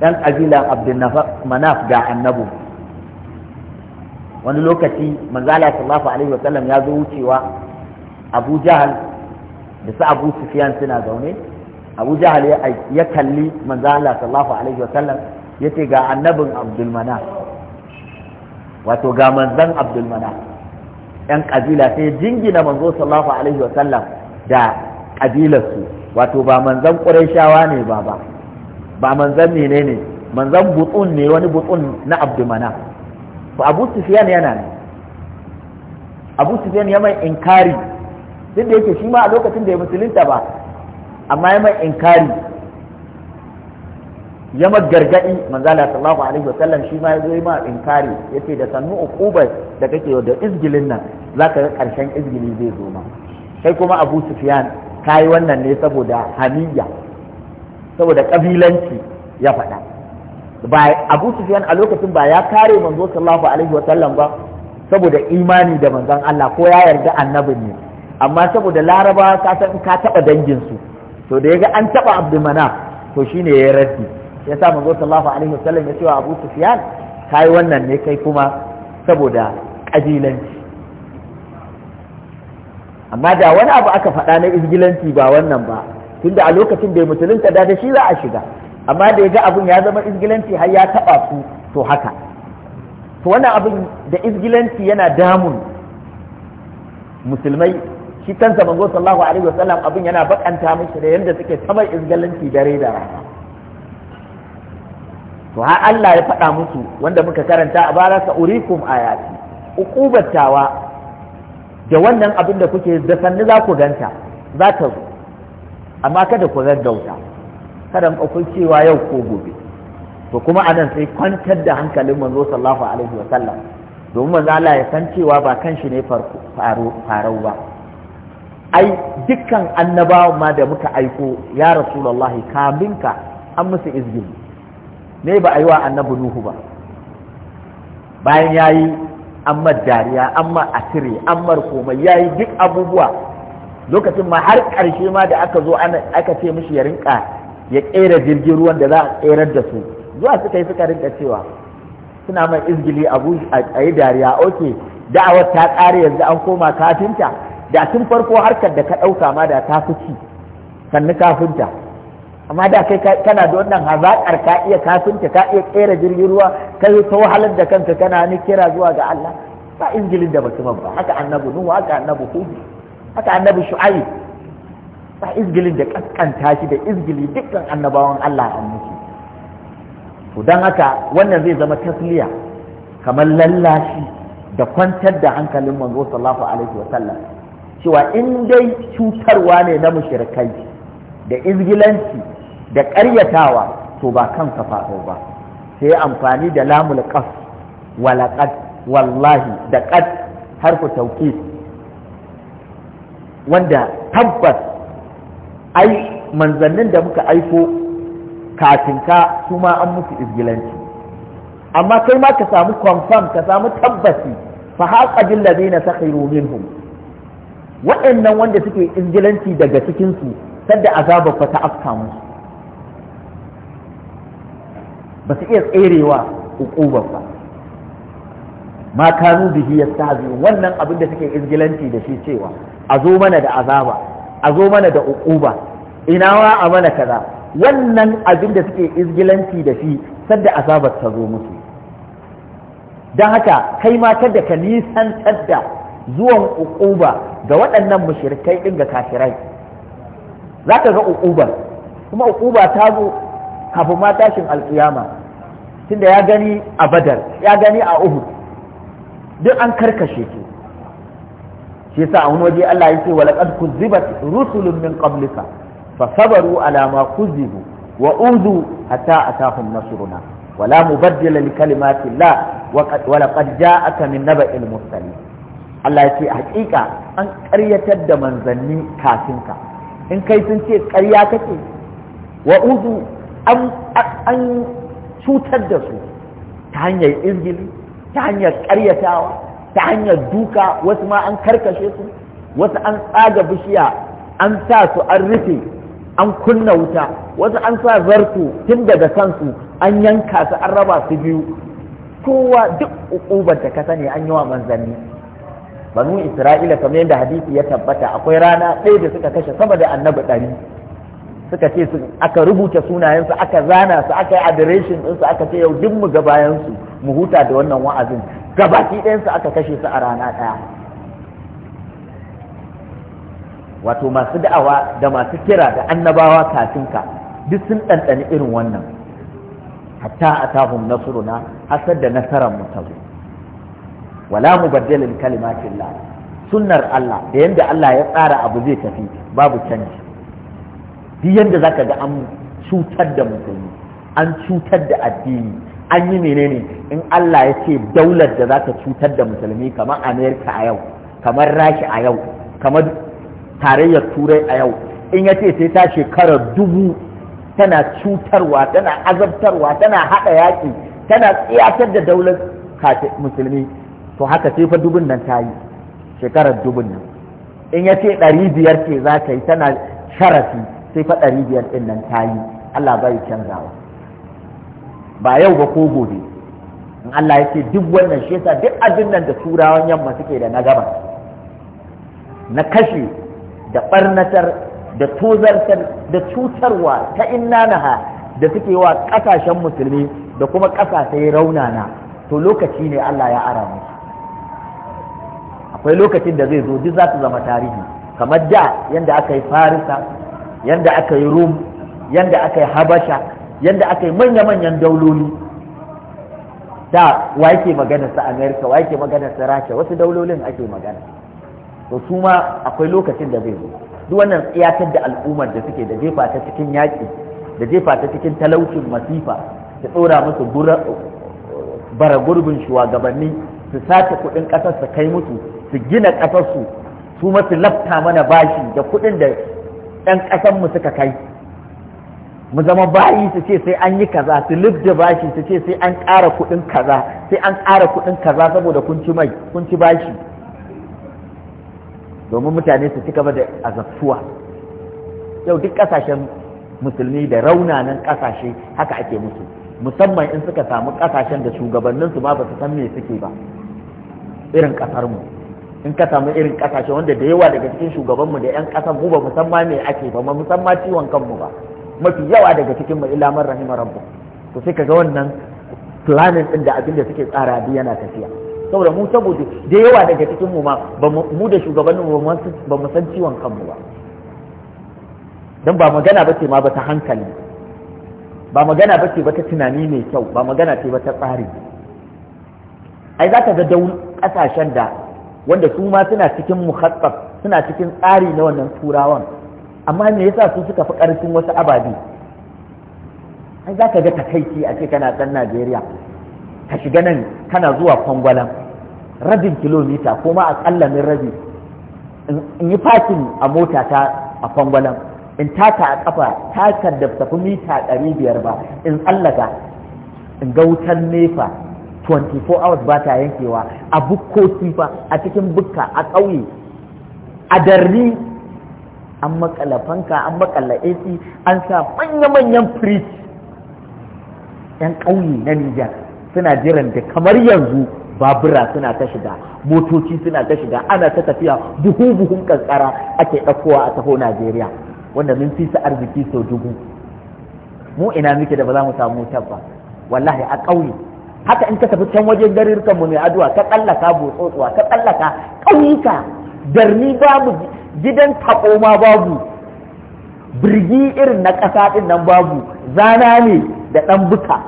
ɗan ƙabilan abdulmanaf ga annabu wani lokaci manzala sallallahu alaihi wa sallam ya zo wucewa abu jahal da su abu sufiyan suna zaune abu jahal ya kalli manzala sallallahu alaihi wa sallam ya ce ga annabin abdulmanaf wato ga manzan abdulmanaf 'yan ƙabila sai jingina manzo sallallahu alaihi wa sallam da ƙabilarsu wato ba manzan ƙurayshawa ne ba ba ba manzan menene ne manzan butsun ne wani butsun na abdumana ba abu Sufyan yana ne abu Sufyan ya mai inkari duk da yake shi ma a lokacin da ya musulunta ba amma ya mai inkari ya magargadi manzala sallallahu alaihi wasallam shi ma yazo ma inkari yace da sanu uquba da kake da izgilin nan zaka ga karshen izgili zai zo ma kai kuma Abu Sufyan kai wannan ne saboda hamiyya saboda kabilanci ya faɗa ba Abu Sufyan a lokacin ba ya kare manzo sallallahu alaihi wasallam ba saboda imani da manzon Allah ko ya yarda annabin ne amma saboda Laraba ka san ka taba dangin su to da yaga an taba Manaf to shine ya raddi ya sa manzo sallallahu alaihi wasallam ya ce wa Abu Sufyan kai wannan ne kai kuma saboda kabilanci amma da wani abu aka faɗa na izgilanci ba wannan ba tunda a lokacin da musulunta da da shi za a shiga amma da ya ga abun ya zama izgilanci har ya taɓa su to haka to wannan abun da izgilanci yana damun musulmai shi kansa manzo sallallahu alaihi wasallam abun yana bakanta mishi da yanda suke samar izgilanci dare da rana to har Allah ya faɗa musu wanda muka karanta a bara urikum ayati uqubatawa da wannan abin da kuke da sanni za ku ganta za ta zo amma kada ku gaggauta kada ku cewa yau ko gobe to kuma anan sai kwantar da hankalin manzo sallallahu alaihi wa domin manzo Allah ya san cewa ba kan shi ne farko farau ba ai dukkan annabawa ma da muka aiko ya rasulullahi kaminka an musu izgili ne ba a yi wa annabi nuhu ba bayan ya yi amma dariya amma asiri ammar komai ya yi duk abubuwa lokacin ma har ƙarshe ma da aka zo aka ce mishi ya rinka ya ƙera jirgin ruwan da za a ƙerar da su zuwa suka yi suka rinka cewa suna mai izgili abu a yi dariya oke da'awar ta kare yanzu an koma kafinta da tun farko harkar da ka ɗauka ma da ta fi ci sannu kafinta amma da kai kana da wannan hazaƙar ka iya kafinta ka iya kera jirgin ruwa ka yi ta wahalar da kanka kana ni kira zuwa ga Allah ba injilin da baki ba haka annabi nuhu haka annabi hud haka annabi shu'aib ba izgilin da kaskanta shi da izgili dukkan annabawan Allah a musu to dan haka wannan zai zama tasliya kamar lallashi da kwantar da hankalin manzo sallallahu alaihi wa sallam cewa in dai cutarwa ne na mushrikai da izgilanci da ƙaryatawa to ba kanka faɗo ba sai amfani da lamul ƙas walaƙad wallahi da qad harfu tawkid wanda tabbas ai manzannin da muka aiko kafin ka su ma an musu izgilanci amma kai ma ka samu confirm ka samu tabbasi fa haqa bil ladina sakhiru minhum waɗannan wanda suke izgilanci daga cikin su sadda azaba fa ta afka musu ba su iya tserewa uqubar ba ma kanu bihi yastazi wannan abin da suke izgilanci da shi cewa a zo mana da azaba a zo mana da hukuba ina wa a mana kaza wannan abin da suke izgilanci da shi sadda azabar ta zo musu don haka kai ma kada ka nisantar da zuwan hukuba ga waɗannan mushrikai ɗin ga kafirai za ka ga uquba kuma hukuba ta zo kafin ma tashin alkiyama tunda ya gani a badar ya gani a uhu duk an karkashe ki shi yasa a wani waje Allah ya ce wa laqad kuzibat rusulun min qablika fa sabaru ala ma kuzibu wa uzu hatta atahum nasruna wala mubaddila li kalimati la wa laqad ja'aka min naba'il mursalin Allah ya ce hakika an ƙaryatar da manzanni kafin ka in kai sun ce ƙarya kake wa an cutar da su ta hanyar izgili ta hanyar karyatawa ta hanyar duka wasu ma an karkashe su wasu an tsaga bishiya an sa su an rufe an kunna wuta wasu an sa zarto tun daga kansu an yanka su an raba su biyu kowa duk ukubar da ka sani an yi wa manzanni banu isra'ila kamar yadda hadisi ya tabbata akwai rana ɗaya da suka kashe sama da annabi ɗari suka ce su aka rubuta sunayensu aka zana su aka yi adireshin ɗinsu aka ce yau duk mu ga mu huta da wannan wa'azin gabaki ɗayansu aka kashe su a rana ɗaya wato masu da'awa da masu kira da annabawa kafin ka duk sun ɗanɗani irin wannan hatta a tahun na, hasar da nasarar mu ta zo wala mu baddalin kalimatin sunnar Allah da yadda Allah ya tsara abu zai tafi babu canji duk yadda za ka ga an cutar da musulmi an cutar da addini an yi menene in Allah ya ce daular da za ka cutar da musulmi kamar amerika a yau kamar rashi a yau kamar tarayyar turai a yau in ya ce sai ta shekarar dubu tana cutarwa tana azabtarwa tana haɗa yaƙi tana tsiyatar da daular musulmi to haka sai fa dubun nan ta yi shekarar dubun nan in ya ce ɗari biyar ce za ta yi tana sharafi sai fa biyar ɗin nan ta yi Allah yi canzawa ba yau ba ko gobe in Allah ya ce duk wannan shi yasa duk abin nan da turawan yamma suke da na gaba na kashe da ɓarnatar da tozartar da cutarwa ta inna naha da suke wa ƙasashen musulmi da kuma ƙasashe raunana to lokaci ne Allah ya ara musu akwai lokacin da zai zo duk za su zama tarihi kamar da yadda aka yi farisa yanda aka yi rum yanda aka yi habasha yanda aka yi manya-manyan dauloli da wa yake magana sa amerika wa yake magana sa rasha wasu daulolin ake magana to su ma akwai lokacin da zai zo duk wannan tsiyatar da al'ummar da suke da jefa ta cikin yaƙi da jefa ta cikin talaucin masifa ta tsora musu bara gurbin shugabanni su sace kuɗin ƙasar su kai musu su gina ƙasar su su masu lafta mana bashi da kuɗin da 'yan ƙasanmu suka kai mu zama bayi su ce sai an yi kaza su lubda bashi su ce sai an ƙara kuɗin kaza sai an ƙara kuɗin kaza saboda kun ci mai kun ci bashi domin mutane su ci gaba da azabtuwa yau duk ƙasashen musulmi da raunanan ƙasashe haka ake musu musamman in suka samu ƙasashen da shugabanninsu ma ba su san me suke ba irin ƙasarmu mu in ka samu irin kasashe wanda da yawa daga cikin shugabanmu da 'yan ƙasa mu ba musamman me ake ba musamman ciwon kanmu ba mafi yawa daga cikin mu ila man rahima rabbu to sai kaga wannan planning din da abin da suke tsara bi yana tafiya saboda mu saboda da yawa daga cikin mu ma mu da shugabannin ba mu san ciwon kanmu ba dan ba magana ba ce ma ba ta hankali ba magana ba ce ba ta tunani mai kyau ba magana ce ba ta tsari ai za ka ga kasashen da wanda su ma suna cikin mukhassaf suna cikin tsari na wannan turawan amma me yasa su suka fi ƙarfin wasu ababe ai za ka ga takaici a ce kana ɗan najeriya ka shiga nan kana zuwa kwangwalan rabin kilomita ko ma aƙalla min rabi in yi fakin a mota ta a kwangwalan in taka a ƙafa takar da tafi mita ɗari biyar ba in tsallaka in ga wutan nefa 24 hours ba ta yankewa a bukkoki ba a cikin bukka a ƙauye a darni an makala fanka an makala ac an sa manya-manyan fridge yan ƙauye na nijar suna jiran da kamar yanzu babura suna ta shiga motoci suna ta shiga ana ta tafiya buhu-buhun kankara ake ɗaukowa a taho najeriya wanda mun fi sa arziki sau dubu mu ina muke da ba za mu samu tabba wallahi a ƙauye haka in ka tafi can wajen garirkan mu mai aduwa ka tsallaka botsotsuwa ka tsallaka ƙauyuka garni babu gidan takoma babu birgi irin na ƙasa ɗin nan babu zana ne da ɗan buka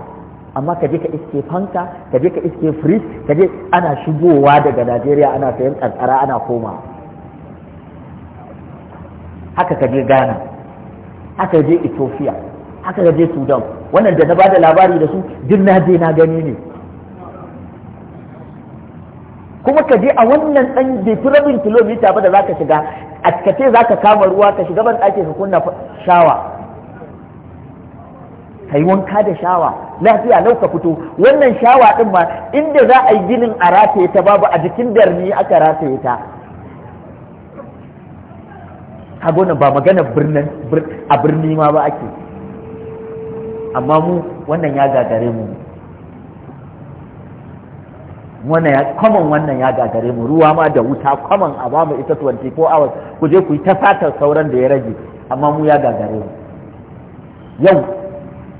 amma ka je ka iske fanka ka je ka iske firis ka je ana shigowa daga najeriya ana sayan ƙanƙara ana koma haka ka je ghana haka ka je ethiopia haka ka je sudan wannan da na ba da labari da su duk na je na gani ne kuma ka je a wannan ɗan bai rabin kilomita ba da za ka shiga a kace za ka kama ruwa ka shiga ban ɗaki ka kunna shawa ka yi wanka da shawa lafiya lau ka fito wannan shawa ɗin ma inda za a yi ginin a rataye ta babu a jikin darni aka rataye ta kaga ba magana a birni ma ba ake amma mu wannan ya gagare mu wannan ya common wannan ya gagare mu ruwa ma da wuta common a ba mu ita 24 hours ku je ku yi ta satar sauran da ya rage amma mu ya gagare mu yau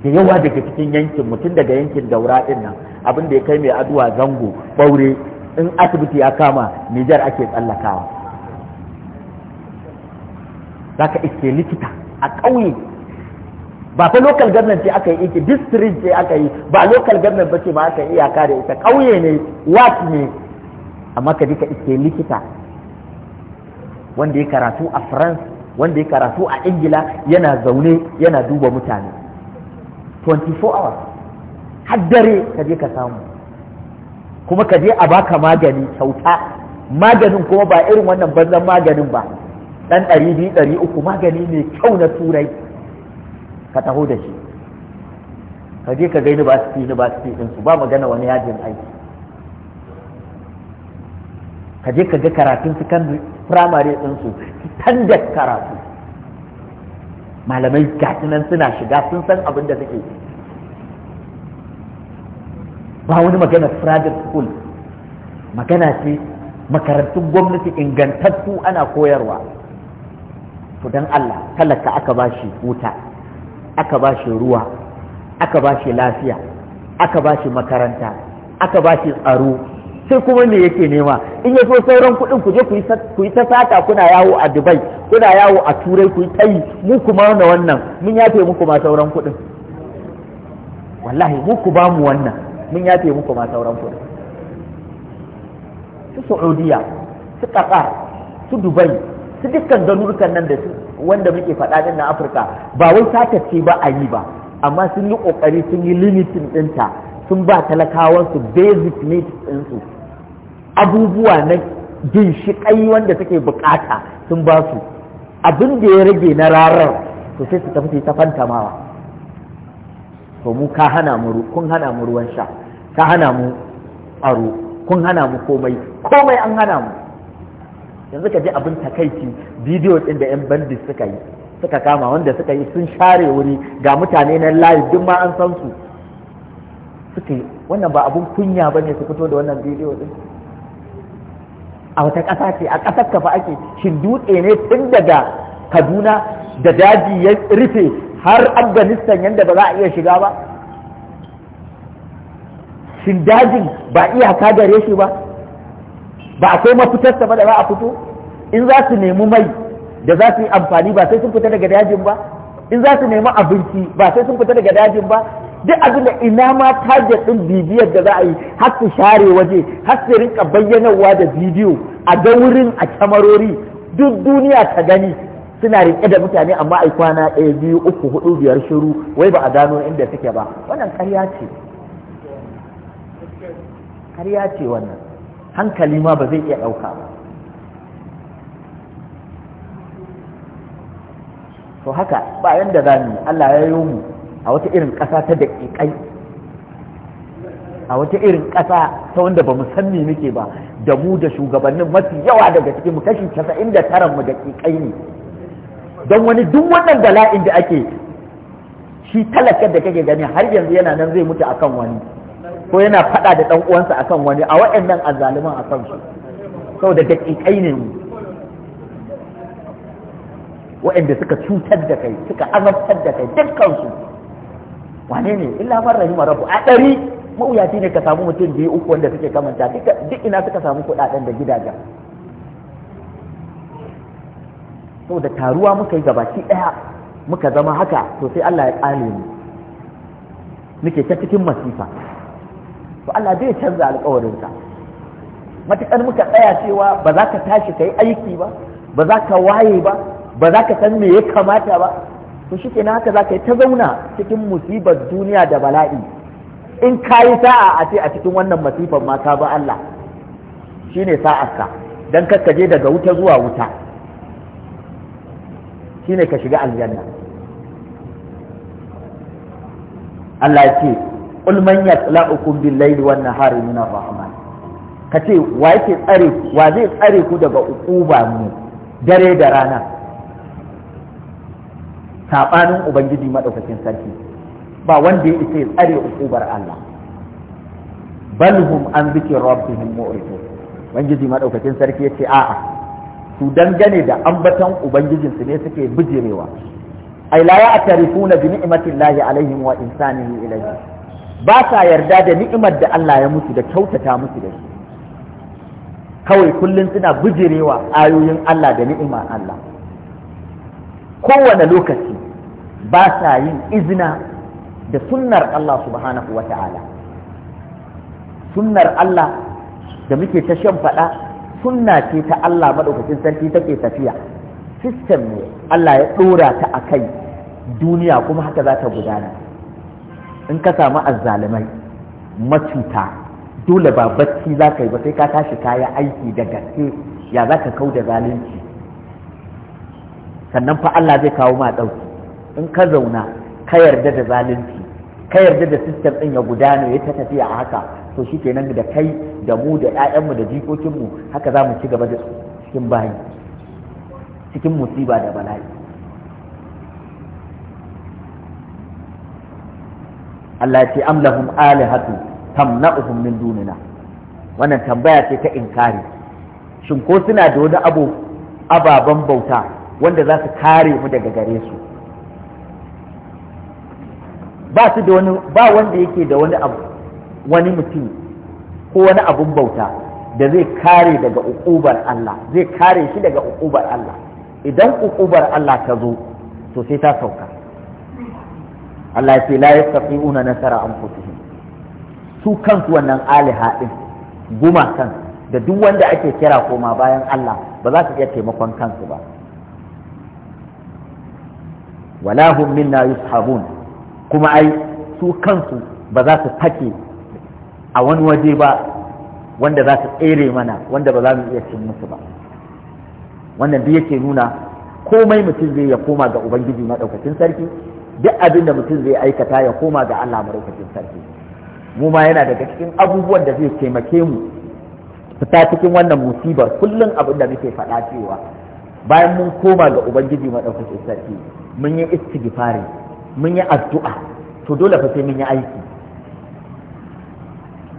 da yawa daga cikin yankin mutum daga yankin daura din nan abin da ya kai mai aduwa zango ɓaure in asibiti ya kama nijar ake tsallakawa za ka iske likita a ƙauye ba fa local government ce aka yi ita district ce aka yi ba local government ce ma aka iyaka da ita ƙauye ne wat ne amma ka ka iske likita wanda ya karatu a france wanda ya karatu a ingila yana zaune yana duba mutane 24 hours har ka je ka samu kuma ka je a baka magani kyauta maganin kuma ba irin wannan banzan maganin ba ɗan ɗari biyu ɗari uku magani mai kyau na turai ka taho da shi ka je ka ga su fi din su ba magana wani yajin aiki ka je ka ga karatun su kan firamare din su da karatu malamai gasu nan suna shiga sun san abin da suke ba wani magana private school magana ce makarantun gwamnati ingantattu ana koyarwa to don Allah talaka aka bashi wuta aka ba shi ruwa aka ba shi lafiya aka ba shi makaranta aka ba shi tsaro sai kuma me yake nema in ya so sauran kuɗin ku je ku yi ta sata kuna yawo a dubai kuna yawo a turai ku yi tayi mu kuma na wannan mun yafe muku ma sauran kuɗin wallahi mu ku ba mu wannan mun yafe muku ma sauran kuɗin su saudiya su qatar su dubai su dukkan garurukan nan da su wanda muke faɗa din na Afirka ba wai sata ce ba a yi ba amma sun yi kokari sun yi limitin ɗinta sun ba talakawansu basic needs ɗinsu abubuwa na ginshiƙai wanda suke bukata sun ba su abin da ya rage na rarar to sai su tafi ta fantamawa to mu ka hana mu kun hana mu ruwan sha ka hana mu aro, kun hana mu komai komai an hana mu yanzu ka ji abin takaici bidiyo ɗin da 'yan bandit suka yi suka kama wanda suka yi sun share wuri ga mutane na layi duk ma an san su suka yi wannan ba abin kunya ba ne su fito da wannan bidiyo ɗin a wata ƙasa ce a ƙasar ka fa ake shin dutse ne tun daga kaduna da daji ya rufe har afghanistan yadda ba za a iya shiga ba shin dajin ba iyaka gare shi ba ba akwai mafitarsa ba da za a fito in za su nemi mai da za su yi amfani ba sai sun fita daga dajin ba in za su nemi abinci ba sai sun fita daga dajin ba duk abin da ina ma target din bibiyar da za a yi har su share waje har su rinka bayyanarwa da bidiyo a ga wurin a kyamarori duk duniya ta gani suna riƙe da mutane amma ai kwana ɗaya biyu uku hudu biyar shiru wai ba a gano inda suke ba wannan ƙarya ce ƙarya ce wannan hankali ma ba zai iya ɗauka ba to haka bayan da za mu Allah ya yi mu a wata irin ƙasa ta daƙiƙai a wata irin ƙasa ta wanda ba mu san me muke ba da mu da shugabannin mafi yawa daga cikin mu kashi casa'in da tara mu daƙiƙai ne don wani duk wannan bala'in da ake shi talakar da kake gani har yanzu yana nan zai mutu akan wani ko yana faɗa da ɗan uwansa a kan wani a waɗannan azzaluman a kan su da daƙiƙai ne waɗanda suka cutar da kai suka azabtar da kai dukkan kansu wane ne illa man rahima rabbu a ɗari mawuyaci ne ka samu mutum biyu uku wanda suke kamanta duk ina suka samu kuɗaɗen da gidajen da taruwa muka yi gabaki ɗaya muka zama haka to sai Allah ya ƙale mu muke ta cikin masifa to Allah zai canza ka. matuƙar muka tsaya cewa ba za ka tashi ka yi aiki ba ba za ka waye ba ba za ka san me ya kamata ba to shi kenan haka za ka yi ta zauna cikin musibar duniya da bala'i in ka yi sa'a a ce a cikin wannan masifar ma ka ba Allah shi ne sa'arka don je daga wuta zuwa wuta shi ne ka shiga aljanna Allah ya ce qul man yatla'ukum bil layli wan nahari min ar-rahman kace wa yake tsare wa zai tsare ku daga ukuba mu dare da rana sabanin ubangiji madaukakin sarki ba wanda ya isa ya tsare ukubar Allah balhum an zikri rabbihim mu'ridu ubangiji madaukakin sarki yace a'a su dangane da ambaton ubangijinsu ne suke bijirewa ai la ya'tarifuna bi ni'matillahi alaihim wa insanihi ilayhi ba sa yarda da ni'imar da Allah ya musu da kyautata musu da shi kawai kullum suna bijirewa ayoyin Allah da ni'imar Allah kowane lokaci ba sa yin izina da sunnar Allah subhanahu wa ta'ala sunnar Allah da muke ta shan faɗa sunna ce ta Allah maɗaukacin sarki take tafiya system ne Allah ya ɗora ta a kai duniya kuma haka za ta gudana in ka samu azzalimai macuta dole ba bacci za ka yi ba sai ka tashi kaya aiki da gaske ya za ka kau da zalunci sannan fa Allah zai kawo ma ɗauki in ka zauna ka yarda da zalunci ka yarda da sistem ɗin ya gudana ya ta tafiya a haka to shi kenan da kai da mu da ƴaƴanmu da jikokinmu haka za mu ci gaba da cikin bayi cikin musiba da bala'i Allah ce am lahum alihatu tamna'uhum min dunina wannan tambaya ce ta inkari shin ko suna da wani abu ababen bauta wanda za su kare mu daga gare su ba su da wani ba wanda yake da wani abu wani mutum ko wani abun bauta da zai kare daga ukubar Allah zai kare shi daga ukubar Allah idan ukubar Allah ta zo to sai ta sauka Allah ya ce la yastati'una nasara anfusihim su kansu wannan aliha din kan da duk wanda ake kira koma bayan Allah ba za su iya taimakon kansu ba wala hum minna yushabun kuma ai su kansu ba za su fake a wani waje ba wanda za su tsere mana wanda ba za mu iya cin musu ba wannan duk yake nuna komai mutum zai ya koma ga ubangiji maɗaukacin sarki duk abin da mutum zai aikata ya koma ga Allah madaukakin sarki mu ma yana daga cikin abubuwan da zai taimake mu fita cikin wannan musibar kullum abin da muke faɗa cewa bayan mun koma ga ubangiji madaukakin sarki mun yi istighfari mun yi addu'a to dole fa sai mun yi aiki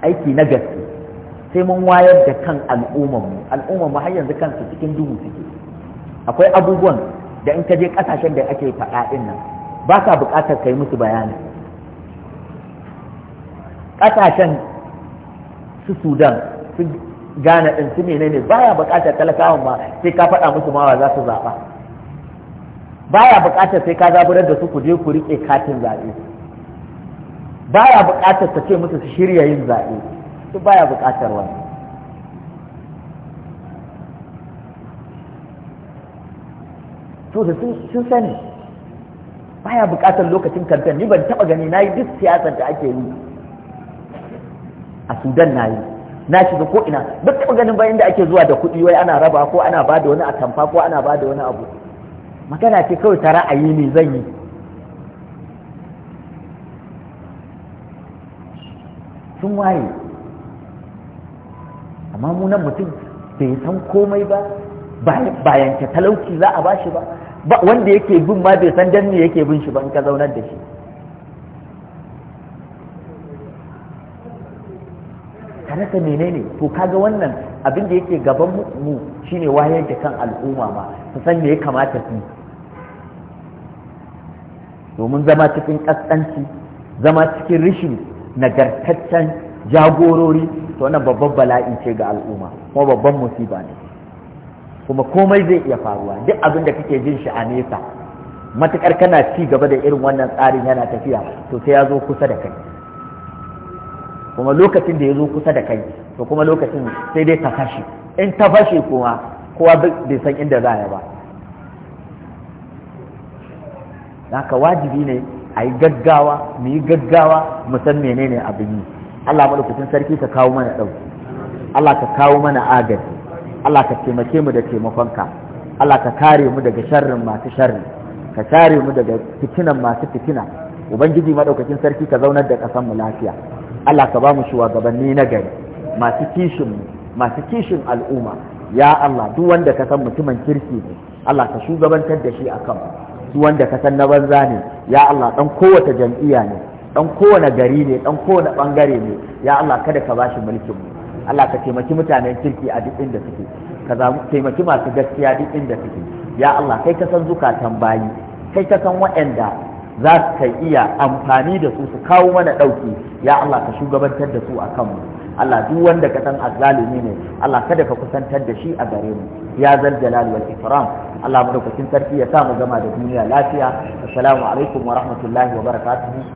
aiki na gaske sai mun wayar da kan mu, al'ummar mu har yanzu kansu cikin duhu suke akwai abubuwan da in ka je kasashen da ake faɗa ɗin nan ba ka buƙatar yi musu bayani ƙasashen su sudan su gane ɗin su ne baya buƙatar talakawa ma sai ka faɗa musu mawa za su zaɓa baya buƙatar sai ka zaburar da su ku je ku riƙe katin zaɓe baya buƙatar ka ce musu su shirya yin zaɓe su baya buƙatar wani to da sun sani baya buƙatar lokacin kamfen ni ban taɓa gani na yi duk siyasar da ake yi a sudan na yi na shiga ko ina duk taɓa ganin bayan da ake zuwa da kuɗi wai ana raba ko ana ba da wani atamfa ko ana ba da wani abu magana ce kawai ta ra'ayi ne zan yi sun waye amma munan mutum bai san komai ba bayan talauci za a bashi ba wanda yake bin ma bai san dan ne yake bin shi ba in ka zaunar da shi ka rasa menene to kaga wannan abin da yake gaban mu shine wayar da kan al'umma ma su san me ya kamata su domin zama cikin kaskanci zama cikin rishin nagartaccen jagorori to wannan babban bala'i ce ga al'umma kuma babban musiba ne kuma komai zai iya faruwa duk abin da kake jin shi a nesa matukar kana ci gaba da irin wannan tsarin yana tafiya to sai ya zo kusa da kai kuma lokacin da ya zo kusa da kai to kuma lokacin sai dai ta fashe in ta fashe kuma kowa bai san inda za ya ba haka wajibi ne a yi gaggawa mu yi gaggawa mu san menene abin yi Allah madaukakin sarki ka kawo mana ɗauki Allah ka kawo mana agaji Allah ka taimake mu da taimakonka Allah ka kare mu daga sharrin masu sharri ka kare mu daga fitinan masu fitina ubangiji madaukakin sarki ka zaunar da kasan mu lafiya Allah ka ba mu shugabanni na gari masu kishin masu kishin al'umma ya Allah duk wanda ka san mutumin kirki ne Allah ka shugabantar da shi akan duk wanda ka san na banza ne ya Allah dan kowace jam'iyya ne dan kowane gari ne dan kowane bangare ne ya Allah kada ka bashi mulkin mu Allah ka taimaki mutanen kirki a duk inda suke ka taimaki masu gaskiya duk inda suke ya Allah kai ka san zukatan bayi kai ka san waɗanda za su kai iya amfani da su su kawo mana ɗauki ya Allah ka shugabantar da su a kanmu Allah duk wanda ka san azzalumi ne Allah kada ka kusantar da shi a gare mu ya zal jalal wal ikram Allah madaukakin sarki ya sa mu zama da duniya lafiya assalamu alaikum wa rahmatullahi wa barakatuh